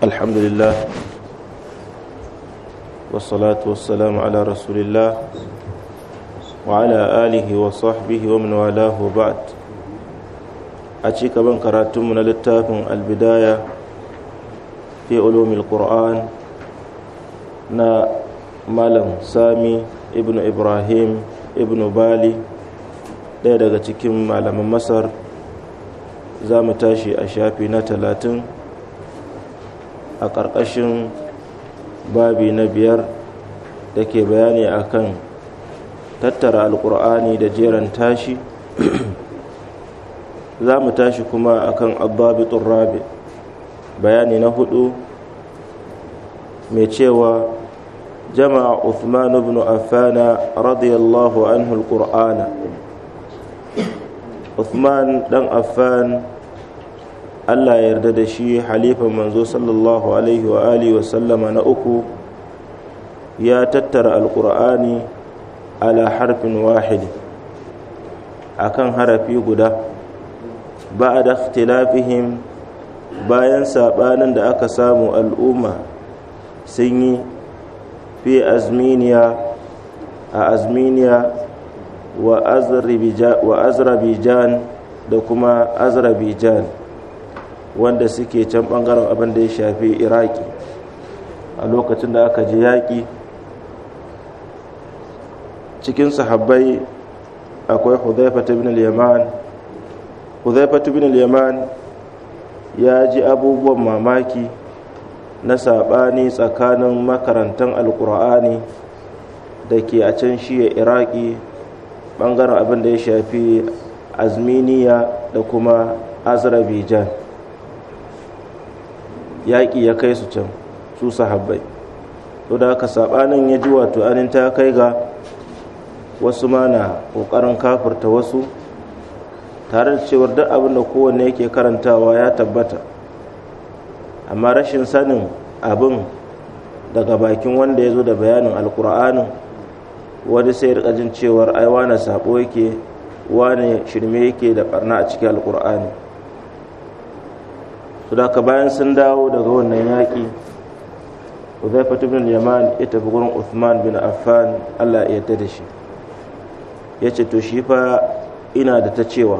الحمد لله والصلاة والسلام على رسول الله وعلى آله وصحبه ومن والاه بعد أشيك من قرأتم من للتاف البداية في علوم القرآن نا مالم سامي ابن إبراهيم ابن بالي ɗaya daga cikin malaman masar za mu tashi a shafi na talatin a ƙarƙashin babi na biyar da ke bayani akan tattara alƙur'ani da jeran tashi za mu tashi kuma akan abbabitun rabi bayani na hudu mai cewa jama'a Uthman ibn Afana radiyallahu anhu alƙur'ana Uthman dan Affan Allah ya yarda da shi halifan manzo sallallahu alaihi wa alihi wa sallama na uku ya tattara alqur'ani ala harfin wahid akan harafi guda ba'a da ikhtilafihim bayan sabanin da aka samu al'umma sun yi fi azminiya a azminiya wa azrabijan da kuma azrabijan wanda suke can bangaren abin da ya shafi iraki a lokacin da aka ji yaƙi cikin sahabbai akwai huzaifatu bin al-yaman huzaifatu bin al-yaman ya ji abubuwan mamaki na saɓani tsakanin makarantan alkur'ani da ke a can shiya iraki bangaren abin da ya shafi azminiya da kuma azerbaijan yaƙi ya kai su can su sahabbai to da haka sabanin ya ji wato anin ta kai ga wasu ma na ƙoƙarin kafurta wasu tare da cewar duk abin da kowanne yake karantawa ya tabbata amma rashin sanin abin daga bakin wanda ya zo da bayanin alkur'anin wani sai rika jin cewar ai wane sabo yake wane shirme yake da ɓarna a cikin alkur'ani to da ka bayan sun dawo daga wannan yaƙi Uzaifa ibn Yaman ya tafi gurin Uthman bin Affan Allah ya yarda da shi yace to shi fa ina da ta cewa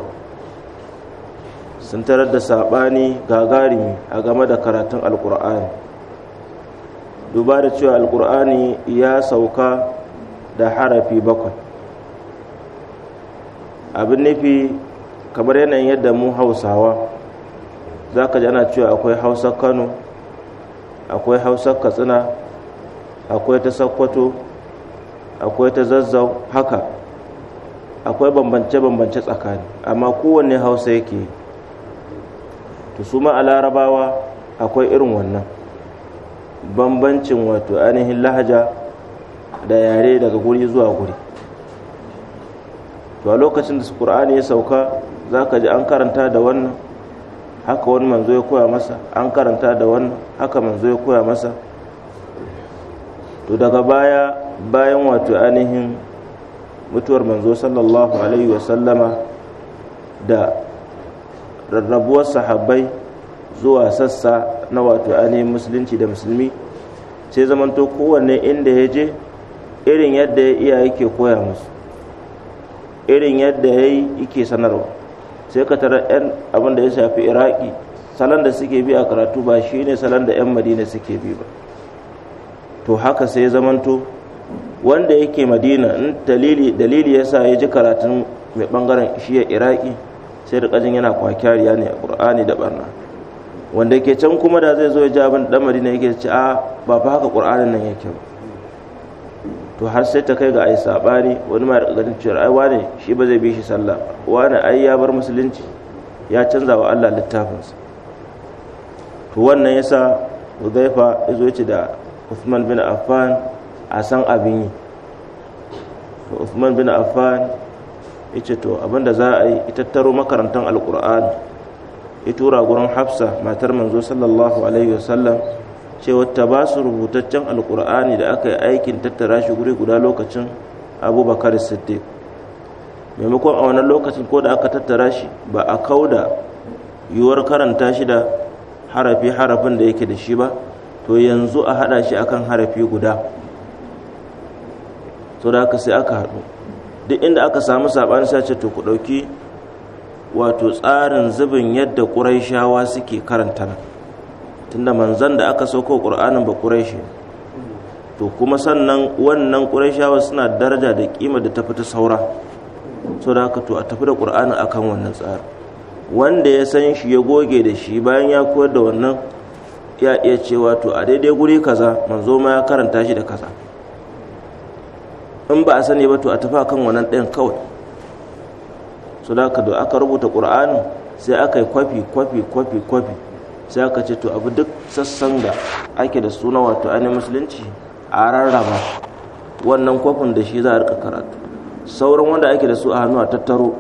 sun tarar da saɓani gagarumi a game da karatun alkur'ani duba da cewa alkur'ani ya sauka da harafi bakwai abin nufi kamar yanayin yadda mu hausawa za ka ji ana cewa akwai hausa kano akwai hausa katsina akwai ta sakkwato akwai ta zazzau haka akwai bambance-bambance tsakani amma kowanne hausa yake to su ma a larabawa akwai irin wannan bambancin wato ainihin lahaja da yare daga guri zuwa guri to a lokacin da su ya sauka za ka ji an karanta da wannan haka wani manzo ya koya masa an karanta da wani haka manzo ya koya masa to daga baya bayan wato ainihin mutuwar manzo sallallahu alaihi wasallama da rarrabuwar sahabbai zuwa sassa na wato ainihin musulunci da musulmi sai zamanto kowanne inda ya je irin yadda ya iya yake koya musu irin yadda ya yi yake sanarwa sai ka tara yan abin da ya shafi iraki salon da suke bi a karatu ba shi ne salon da yan madina suke bi ba to haka sai zamanto wanda yake madina in dalili dalili yasa ya ji karatun mai bangaren shi ya iraki sai da kajin yana kwakiyariya ne a qur'ani da barna wanda ke can kuma da zai zo ya ji abin da madina yake ce a ah, ba fa haka qur'anin nan yake ba to har sai ta kai ga ai sabani wani ma da ganin cewa ai wane shi ba zai bi shi sallah wane ai ya bar musulunci ya canza wa Allah littafinsa to wannan yasa Hudhaifa yazo yace da Uthman bin Affan a san abin yi to Uthman bin Affan yace to abinda za a yi itattaro makarantan alqur'ani ya tura gurin Hafsa matar manzo sallallahu alaihi wasallam cewa ta ba su rubutaccen alkur'ani da aka yi aikin tattara shi guri guda lokacin abubakar siddiq maimakon a wannan lokacin ko da aka tattara shi ba a kauda yiwuwar karanta shi da harafi harafin da yake da shi ba to yanzu a hada shi akan harafi guda to da aka sai aka haɗu duk inda aka samu saɓani sai ce to ku ɗauki wato tsarin zubin yadda ƙuraishawa suke karanta nan tunda manzan da aka sauko ƙur'anin ba ƙuraishi to kuma sannan wannan ƙuraishawa suna daraja da ƙima da tafi ta saura so da haka to a tafi da ƙur'anin akan wannan tsari wanda ya san shi ya goge da shi bayan ya koyar da wannan ya iya cewa to a daidai guri kaza manzo ma ya karanta shi da kaza in ba a sani ba to a tafi akan wannan ɗayan kawai so da haka aka rubuta ƙur'anin sai aka yi kwafi kwafi kwafi kwafi sai aka ce to abu duk sassan da ake da suna wato ani musulunci a rarraba wannan kwafin da shi za a rika karatu sauran wanda ake da su a hannu a tattaro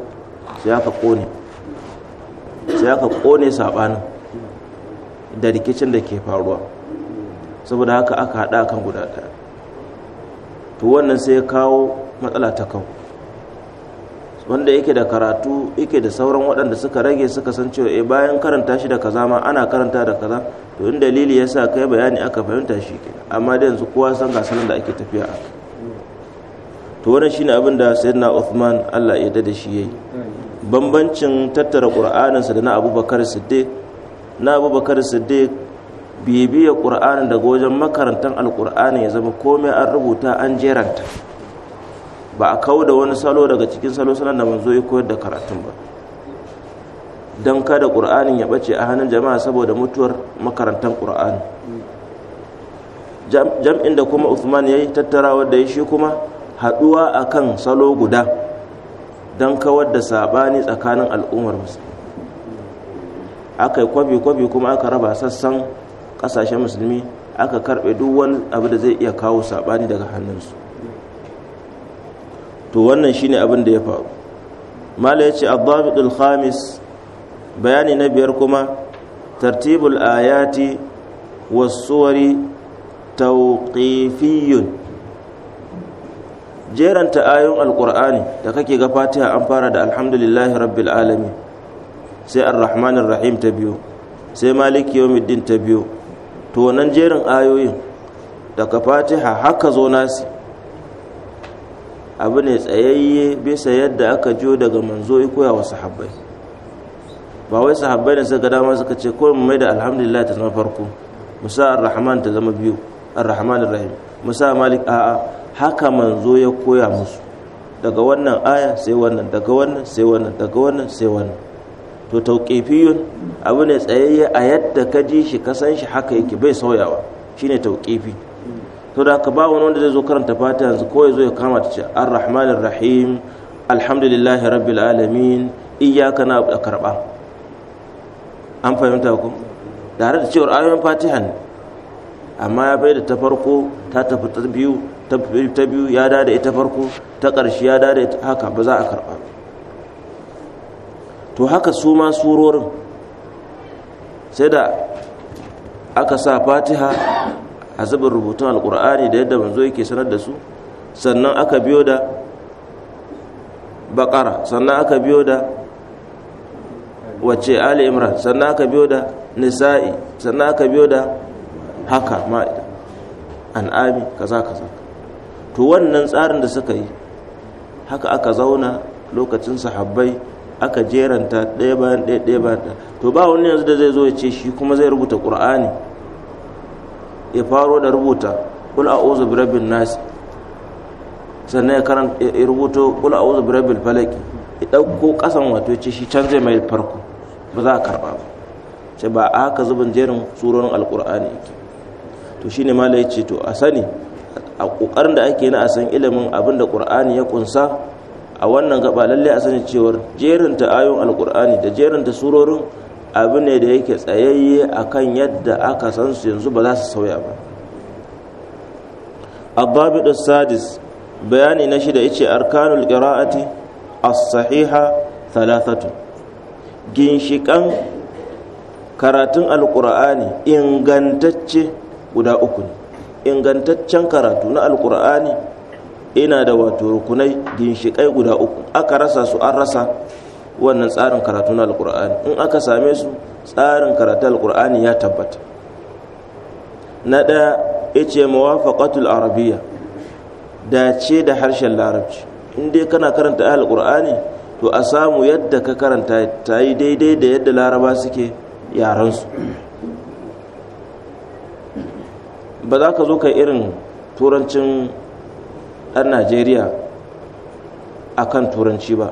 sai aka kone sai aka kone sabanin da rikicin da ke faruwa saboda haka aka haɗa kan guda ɗaya to wannan sai ya kawo matsala ta kawo wanda yake da karatu yake da sauran waɗanda suka rage suka san cewa e bayan karanta shi da kaza ma ana karanta da kaza to in dalili ya sa kai bayani aka fahimta shi ke. amma da yanzu kowa san ga da ake tafiya a to wannan shine abin da sayyidina Uthman Allah ya dade shi yayi bambancin tattara Qur'anin sa da na Abubakar Siddiq na Abubakar Siddiq bibiya Qur'anin daga wajen makarantan Al-Qur'ani ya zama komai an rubuta an jeranta ba a kawo da wani salo daga cikin salo salon da manzo ya koyar da karatun ba don kada ƙur'anin ya ɓace a hannun jama'a saboda mutuwar makarantar ƙur'ani jam'in da kuma usman ya yi tattara wadda ya shi kuma haɗuwa a kan salo guda don kawar da saɓani tsakanin al'ummar musulmi aka yi kwabi-kwabi kuma aka raba sassan ƙasashen musulmi aka karɓe duk wani abu da zai iya kawo saɓani daga hannunsu to wannan shine abin da ya faru mala ya ce khamis bayani na biyar kuma tartibul ayati wasuwari tawqifiyyun jeranta ayon alqur'ani da kake ga fatiha an fara da alhamdulillahi rabbil alamin sai arrahmanir rahim ta biyo sai maliki yawmiddin ta biyo to wannan jerin ayoyin daga fatiha haka zo nasi abu ne tsayayye bisa yadda aka jiyo daga manzo ya koya wa sahabbai ba wai sahabbai ne suka dama suka ce ko mu mai da alhamdulillah ta zama farko musa ar-rahman ta zama biyu ar-rahman ar-rahim musa malik a'a haka manzo ya koya musu daga wannan aya sai wannan daga wannan sai wannan daga wannan sai wannan to tauqifiyun abu ne tsayayye a yadda ka ji shi ka san shi haka yake bai sauyawa shine tauqifi to da ka ba wani wanda zai zo karanta fata yanzu ko ya zo ya kama ta ce ar-rahmanir rahim alhamdulillahi rabbil alamin iyyaka na karba an fahimta ku tare da cewar ayoyin fatiha ne amma ya bai da ta farko ta tafi ta biyu ta biyu ya da ita farko ta ƙarshe ya da ita haka ba za a karba to haka su ma surorin sai da aka sa fatiha a zubin rubutun alkur'ani da yadda manzo yake sanar da su sannan aka biyo da bakara sannan aka biyo da wacce ali imran sannan aka biyo da nisa'i sannan aka biyo da haka ma'ida an'ami kaza kaza to wannan tsarin da suka yi haka aka zauna lokacin sahabbai aka jeranta ɗaya bayan ɗaya ɗaya bayan ɗaya to ba wani yanzu da zai zo ya ce shi kuma zai rubuta ƙur'ani ya faro da rubuta kul a'udhu birabbin nas sannan ya karanta ya rubuto kul a'udhu birabbil falaq ya dauko kasan wato ce shi canje mai farko ba za a karba ba ce ba a haka zubin jerin surorin alqur'ani yake to shine malai ce to a sani a kokarin da ake na a san ilimin abinda da qur'ani ya kunsa a wannan gaba lalle a sani cewar jerin ta ayoyin alqur'ani da jerin ta surorin abu ne da yake tsayayye a kan yadda aka san su yanzu ba za su sauya ba abbabidu sadis bayani na shida ice arkanul qira'ati as-sahiha thalathatu ginshikan karatun Alƙur'ani ingantacce guda uku ne ingantaccen karatu na Alƙur'ani ina da wato rukunai ginshikai guda uku aka rasa su an rasa wannan tsarin karatu na alkur'ani in aka same su tsarin karatu alkur'ani ya tabbata na ɗaya ya ce mawafaqatul Arabiya dace da harshen larabci in dai kana karanta alkur'ani to a samu yadda ka karanta ta yi daidai da yadda laraba suke yaransu ba za ka zo ka irin turancin ɗan najeriya a kan turanci ba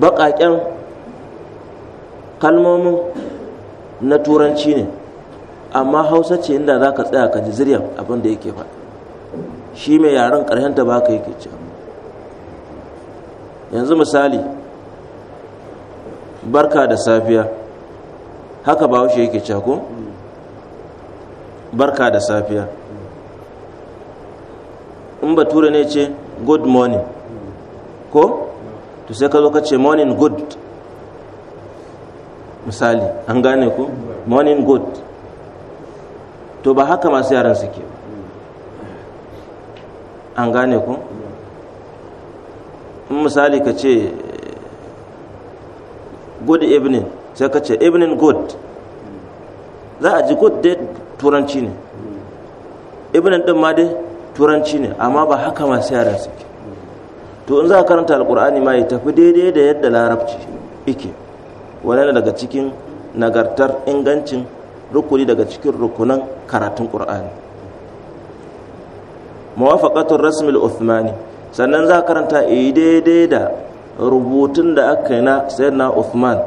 baƙaƙen kalmomin na turanci ne amma hausa ce inda za ka tsaya ka ji ziryan abin da yake faɗa shi mai yaren ƙarshen ta ka yake cewa yanzu misali barka da safiya haka ba haushe yake cewa ko barka da safiya in tura ne ce good morning ko to sai ka zo ka ce morning good misali an gane ku morning good to ba haka masu yaran suke an gane ku in misali ka ce good evening sai ka ce evening good za a ji good day turanci ne evening din ma dai turanci ne amma ba haka masu yaran suke to in za ka karanta alkur'ani ma ya tafi daidai da yadda larabci ike wani daga cikin nagartar ingancin rukuni daga cikin rukunan karatun ƙur'ani mawafaƙatun rasmil uthmani sannan za karanta yi daidai da rubutun da aka yi na na uthman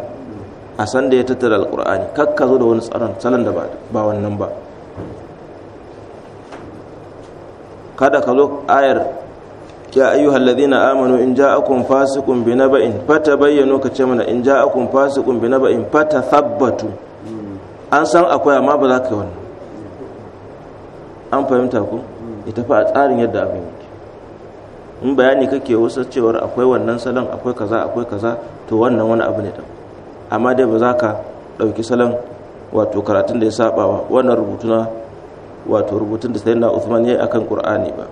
a san da ya tattara alƙur'ani kakka zo da wani tsaron salon da ba wannan ba kada ka zo ayar ya ayyuhal ladina amanu in ja'akum fasiqun binaba'in fatabayyanu ka ce mana in ja'akum fasiqun binaba'in fatathabbatu an san akwai amma ba za ka yi wannan an fahimta ku ya tafi a tsarin yadda abin yake in bayani kake wasu cewa akwai wannan salon akwai kaza akwai kaza to wannan wani abu ne da amma dai ba za ka ɗauki salon wato karatun da ya saba wa wannan rubutu na wato rubutun da sayyidina Uthman ya yi akan Qur'ani ba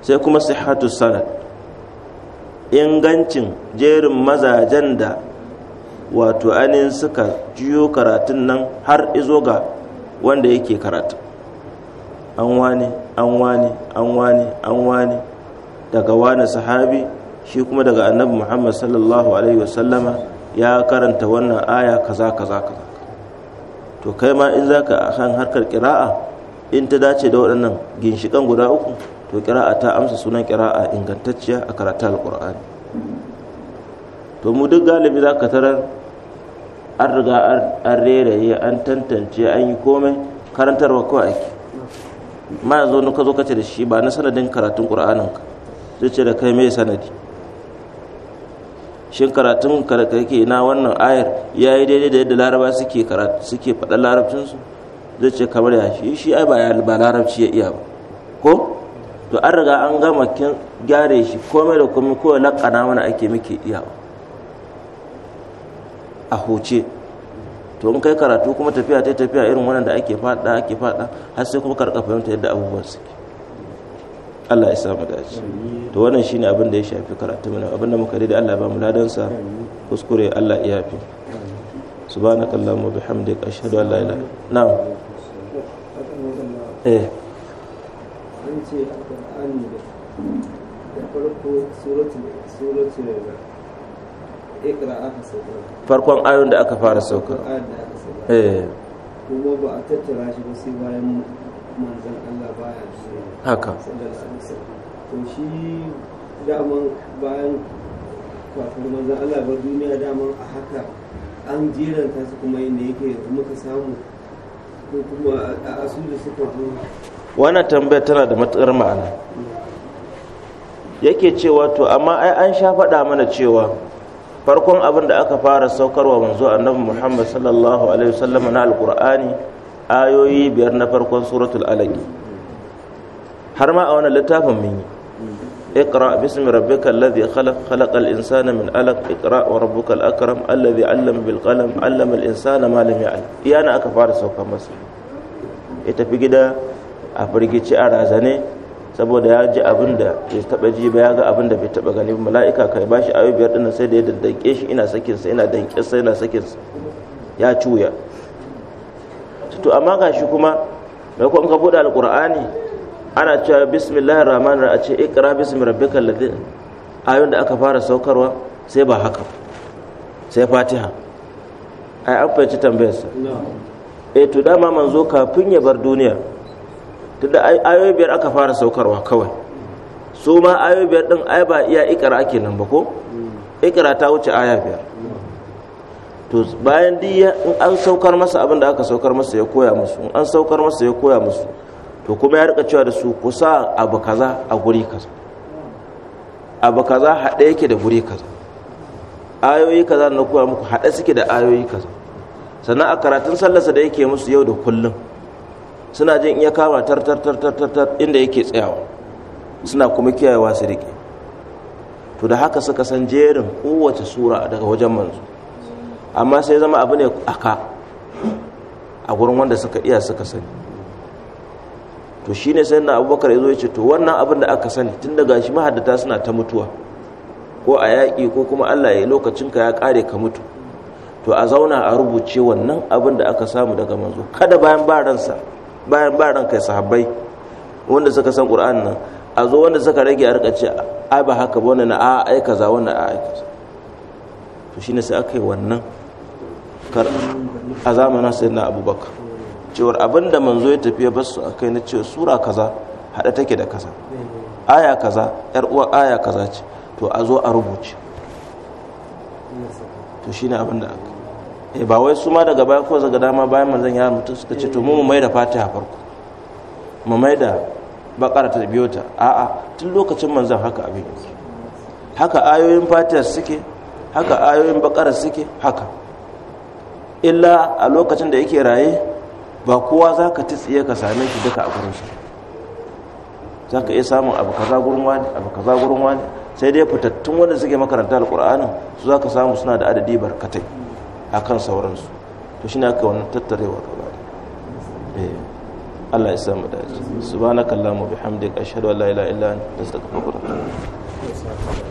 sai kuma sihatu sanad ingancin jerin mazajen da wato anin suka jiyo karatun nan har izo ga wanda yake karatu an wani an wani an wani an wani daga wani sahabi shi kuma daga annabi muhammad sallallahu alaihi wasallama ya karanta wannan aya kaza kaza kaza to kai ma in zaka kan harkar kira'a in ta dace da waɗannan ginshikan guda uku to kira'a ta amsa sunan kira'a ingantacciya a karatu alkur'ani to mu duk galibi za ka tarar an riga an reraye an tantance an yi komai karantarwa kawai ake ma zo wani ka zo kace da shi ba na sanadin karatun qur'anin ka zai ce da kai mai sanadi shin karatun ka da na wannan ayar yi daidai da yadda laraba suke karatu suke faɗa larabcinsu? zai ce kamar ya shi shi ai ba larabci ya iya ba ko to an riga an gama kin gyare shi komai da komai kawai lakana mana ake muke iyawa a huce. to in kai karatu kuma tafiya ta tafiya irin wannan da ake fada ake fada har sai kuma karka fahimta yadda abubuwan suke Allah ya sa mu dace to wannan shine abin da ya shafi karatu mana abin da muka da Allah ba mu ladan sa kuskure Allah ya yafi subhanakallahumma bihamdika ashhadu an la ilaha illa anta eh sun ce alƙur'ani da farko suratul ikra aka sauka farkon ayon da aka fara sauka eh. kuma ba a tattara shi ba sai bayan manzan Allah baya haka to shi daman bayan kafin manzan Allah ba duniya daman a haka an jeranta su kuma inda yake yanzu muka samu ko kuma a asu da suka zo wannan tambayar tana da matuƙar ma'ana yake cewa to amma ai an sha faɗa mana cewa farkon abin da aka fara saukarwa manzo annabi muhammad sallallahu alaihi wasallam na alkur'ani ayoyi biyar na farkon suratul alaqi har ma a wannan littafin mun yi اقرأ باسم ربك الذي خلق خلق الإنسان من علق اقرأ وربك الأكرم الذي علم بالقلم علم الإنسان ما لم يعلم إيانا أكفار سوكا مصر يتفي كده a firgici a razane saboda ya ji abin da ya taba ji ba ya ga abin da bai taba gani ba mala'ika kai ba shi ayoyi biyar dinnan sai da ya daddake shi ina sakin sa ina danke sa ina sakin sa ya cuya to amma gashi kuma mai ko ka bude alqur'ani ana cewa bismillahir rahmanir a ce ikra bismi rabbikal ladhi ayon da aka fara saukarwa sai ba haka sai fatiha ai an fahimci tambayarsa e to dama manzo kafin ya bar duniya tunda ayoyi biyar aka fara saukarwa kawai su ma ayoyi biyar din ai ba iya ikira ake nan ba ko Ikira ta wuce aya biyar to bayan di in an saukar masa abin da aka saukar masa ya koya musu in an saukar masa ya koya musu to kuma ya rika cewa da su kusa abu kaza a guri kaza abu kaza haɗe yake da guri kaza ayoyi kaza na koya muku haɗe suke da ayoyi kaza sannan a karatun sallarsa da yake musu yau da kullum suna jin iya kama tar inda yake tsayawa suna kuma kiyayewa su riƙe to da haka suka san jerin kowace sura daga wajen manzo amma sai zama abu ne aka a gurin wanda suka iya suka sani to shi ne sai na abubakar ya zo ya ce to wannan abin da aka sani tun daga shi mahaddata suna ta mutuwa ko a yaƙi ko kuma allah ya lokacinka ya ƙare ka mutu to a zauna a rubuce wannan abin da aka samu daga manzo kada bayan ba ransa bayan ba ran kai sahabbai wanda suka san qur'an nan a zo wanda suka rage a rika ce ai ba haka ba wannan a ai kaza wannan a ai kaza to shine sai aka yi wannan kar a zamanin sayyidina abubakar cewar abinda manzo ya tafi ya basu akai na cewa sura kaza hada take da kaza aya kaza yar uwa aya kaza ce to a zo a rubuce to shine abinda aka Eh, ba wai su ma daga baya ko daga dama bayan manzon ya mutu suka ce to mu mu maida fatiha farko mu maida bakara ta biyo ta a'a tun lokacin manzon haka abin haka ayoyin fatiha suke haka ayoyin bakara suke haka illa a lokacin da yake raye ba kowa za ka tsiye ka same shi duka a gurin shi za ka iya samun abu kaza gurin wani abu kaza gurin wani sai dai fitattun wanda suke makaranta alƙur'anin su za ka samu suna da adadi barkatai a kan sauransu to shi ne aka wannan tattarewa gaba eh, Allah ya sa mu dace bihamdika ashhadu an la ilaha illa anta astaghfiruka wa atubu